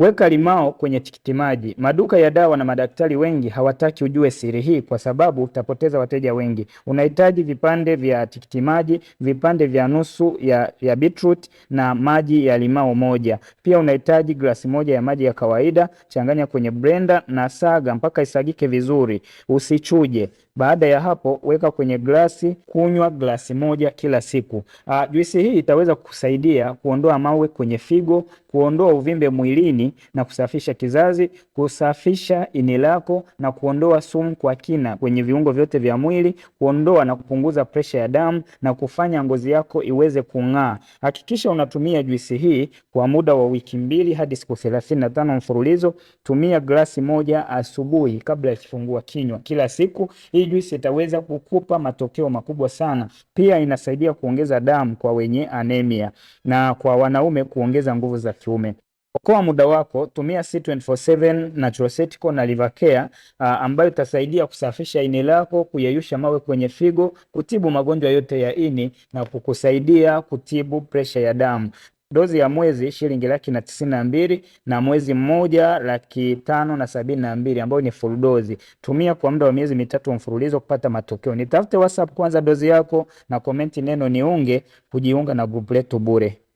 Weka limao kwenye tikiti maji. Maduka ya dawa na madaktari wengi hawataki ujue siri hii, kwa sababu utapoteza wateja wengi. Unahitaji vipande vya tikiti maji, vipande vya nusu ya, ya beetroot na maji ya limao moja. Pia unahitaji glasi moja ya maji ya kawaida. Changanya kwenye blender na saga mpaka isagike vizuri, usichuje. Baada ya hapo, weka kwenye glasi. Kunywa glasi moja kila siku. Ah, juisi hii itaweza kusaidia kuondoa mawe kwenye figo kuondoa uvimbe mwilini na kusafisha kizazi, kusafisha ini lako na kuondoa sumu kwa kina kwenye viungo vyote vya mwili, kuondoa na kupunguza presha ya damu na kufanya ngozi yako iweze kung'aa. Hakikisha unatumia juisi hii kwa muda wa wiki mbili hadi siku 35 mfululizo. Tumia glasi moja asubuhi kabla ya kifungua kinywa kila siku. Hii juisi itaweza kukupa matokeo makubwa sana. Pia inasaidia kuongeza damu kwa wenye anemia na kwa wanaume kuongeza nguvu za kiume. Okoa muda wako, tumia C247 Naturocetical na Livercare uh, ah, ambayo itasaidia kusafisha ini lako, kuyeyusha mawe kwenye figo, kutibu magonjwa yote ya ini na kukusaidia kutibu presha ya damu. Dozi ya mwezi shilingi laki na tisini na mbili na mwezi mmoja laki tano na sabini na mbili ambayo ni full dozi. Tumia kwa muda wa miezi mitatu mfululizo kupata matokeo. Nitafute WhatsApp kwanza dozi yako na komenti neno niunge kujiunga na grupu letu bure.